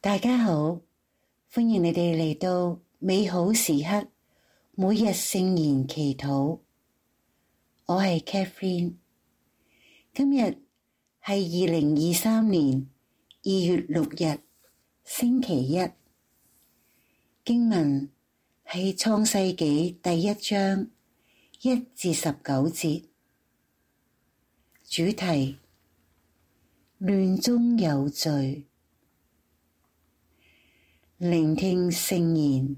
大家好，歡迎你哋嚟到美好時刻每日聖言祈禱。我係 Catherine，今日係二零二三年二月六日星期一。經文係創世紀第一章一至十九節，主題亂中有序。聆聽聖言。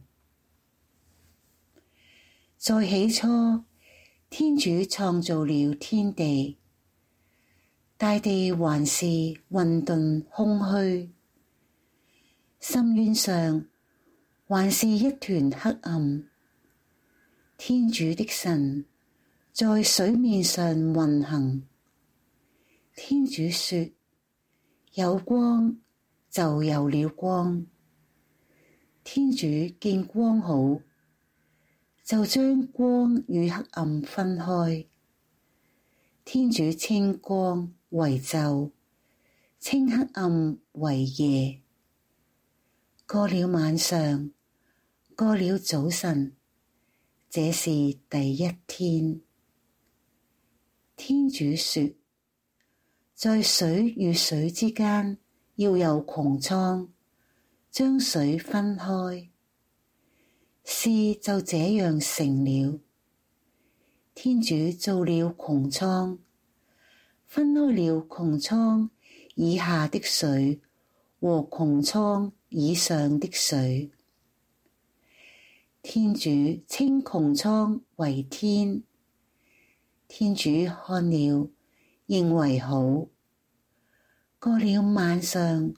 在起初，天主創造了天地，大地還是混沌空虛，深淵上還是一團黑暗。天主的神在水面上運行。天主說：「有光！」就有了光。天主見光好，就將光與黑暗分開。天主稱光為晝，稱黑暗為夜。過了晚上，過了早晨，這是第一天。天主說，在水與水之間要有穹蒼。將水分開，事就這樣成了。天主造了穹蒼，分開了穹蒼以下的水和穹蒼以上的水。天主稱穹蒼為天。天主看了，認為好。過了晚上。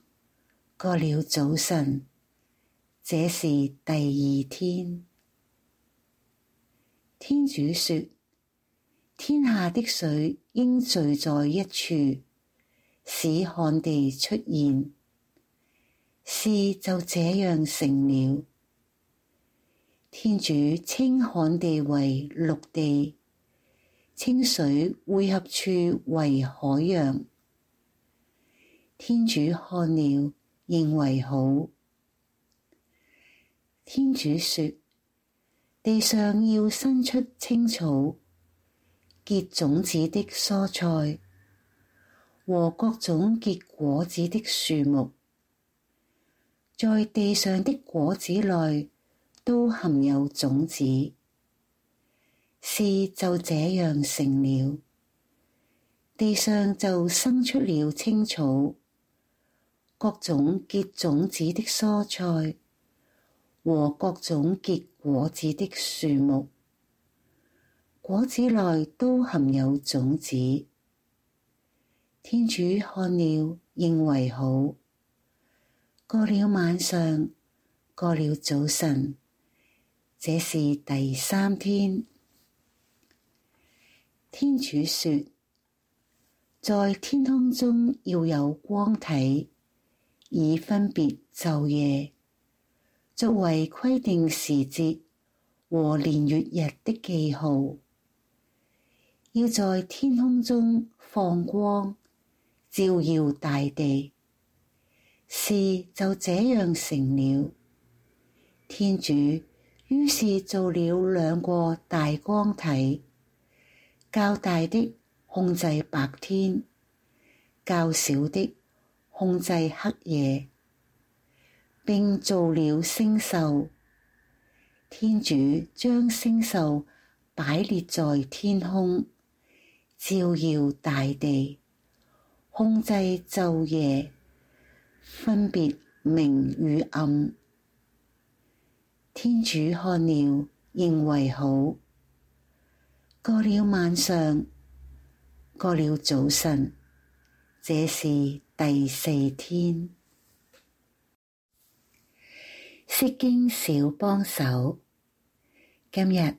過了早晨，這是第二天。天主說：天下的水應聚在一處，使旱地出現。事就這樣成了。天主稱旱地為陸地，稱水匯合處為海洋。天主看了。認為好，天主説：地上要生出青草、結種子的蔬菜和各種結果子的樹木，在地上的果子內都含有種子。事就這樣成了。地上就生出了青草。各種結種子的蔬菜和各種結果子的樹木，果子內都含有種子。天主看了，認為好。過了晚上，過了早晨，這是第三天。天主說：「在天空中要有光體，以分別晝夜，作為規定時節和年月日的記號，要在天空中放光，照耀大地。事就這樣成了。天主於是造了兩個大光體，較大的控制白天，較小的，控制黑夜，並做了星宿。天主將星宿擺列在天空，照耀大地，控制晝夜，分別明與暗。天主看了，認為好。過了晚上，過了早晨。這是第四天。釋經小幫手。今日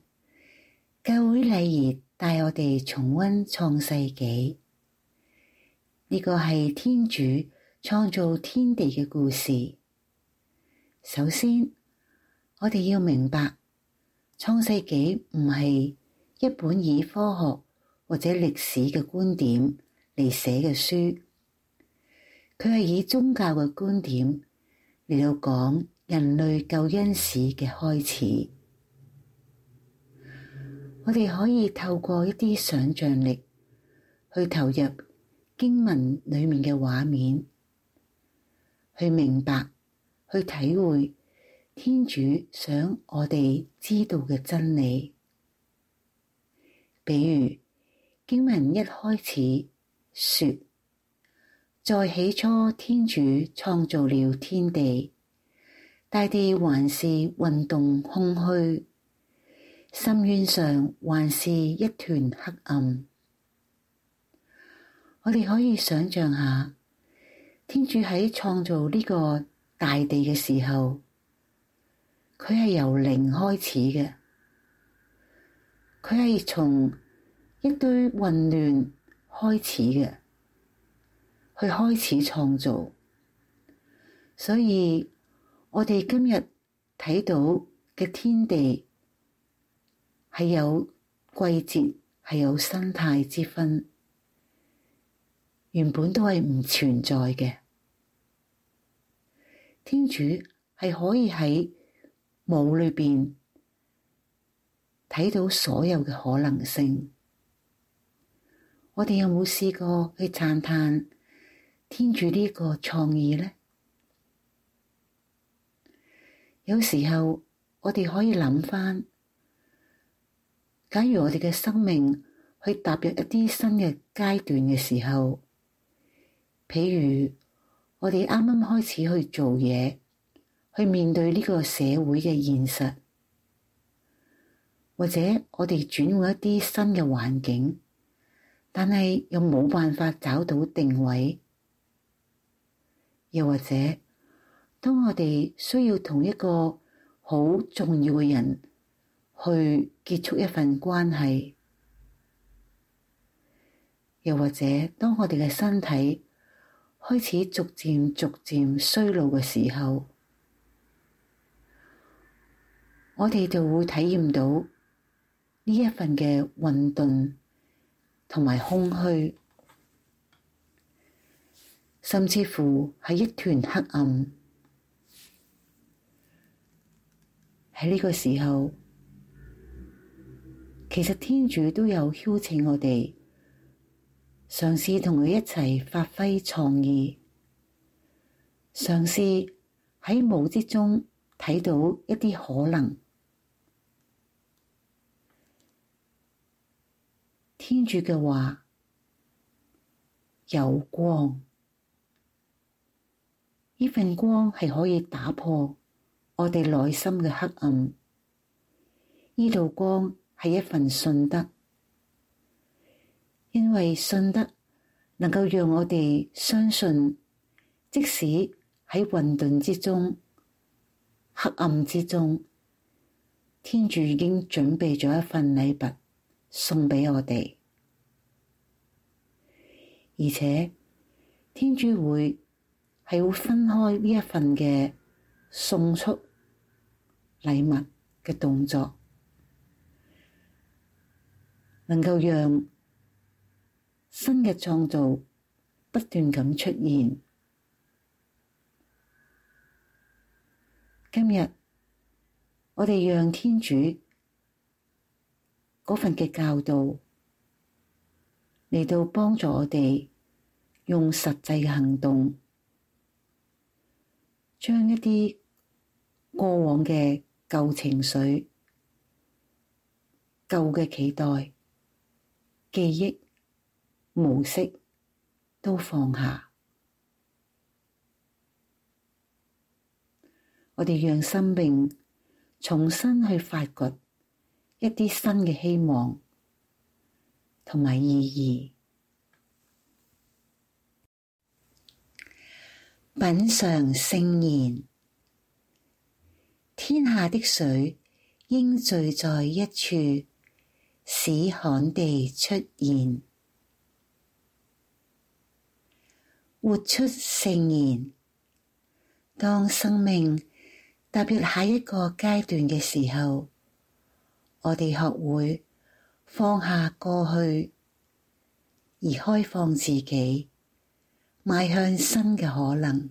教會禮儀帶我哋重溫創世紀，呢個係天主創造天地嘅故事。首先，我哋要明白，創世紀唔係一本以科學或者歷史嘅觀點。嚟寫嘅書，佢係以宗教嘅觀點嚟到講人類救恩史嘅開始。我哋可以透過一啲想像力去投入經文裡面嘅畫面，去明白、去體會天主想我哋知道嘅真理。比如經文一開始。說，在起初，天主創造了天地，大地還是運動空虛，深淵上還是一團黑暗。我哋可以想象下，天主喺創造呢個大地嘅時候，佢係由零開始嘅，佢係從一堆混亂。開始嘅，去開始創造，所以我哋今日睇到嘅天地係有季節，係有生態之分，原本都係唔存在嘅。天主係可以喺冇裏邊睇到所有嘅可能性。我哋有冇試過去讚嘆天主呢個創意呢？有時候我哋可以諗返，假如我哋嘅生命去踏入一啲新嘅階段嘅時候，譬如我哋啱啱開始去做嘢，去面對呢個社會嘅現實，或者我哋轉換一啲新嘅環境。但係又冇辦法找到定位，又或者當我哋需要同一個好重要嘅人去結束一份關係，又或者當我哋嘅身體開始逐漸逐漸衰老嘅時候，我哋就會體驗到呢一份嘅混沌。同埋空虛，甚至乎係一團黑暗。喺呢個時候，其實天主都有邀請我哋嘗試同佢一齊發揮創意，嘗試喺冇之中睇到一啲可能。天主嘅話，有光，呢份光係可以打破我哋內心嘅黑暗。呢道光係一份信德，因為信德能夠讓我哋相信，即使喺混沌之中、黑暗之中，天主已經準備咗一份禮物，送畀我哋，而且天主會係會分開呢一份嘅，送出禮物嘅動作，能夠讓新嘅創造不斷咁出現。今日我哋讓天主。嗰份嘅教導嚟到幫助我哋，用實際嘅行動，將一啲過往嘅舊情緒、舊嘅期待、記憶模式都放下。我哋讓生命重新去發掘。一啲新嘅希望同埋意義，品嚐聖言。天下的水應聚在一處，使旱地出現。活出聖言。當生命踏入下一個階段嘅時候，我哋學會放下過去，而開放自己，邁向新嘅可能。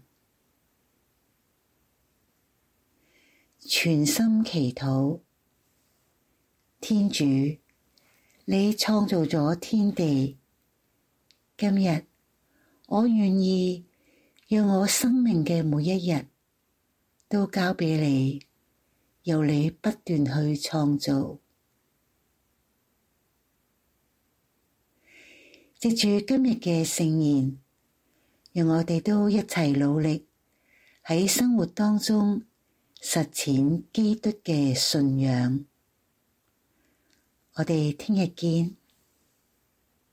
全心祈禱，天主，你創造咗天地。今日我願意，讓我生命嘅每一日都交俾你。由你不斷去創造，借住今日嘅聖言，讓我哋都一齊努力喺生活當中實踐基督嘅信仰。我哋聽日見。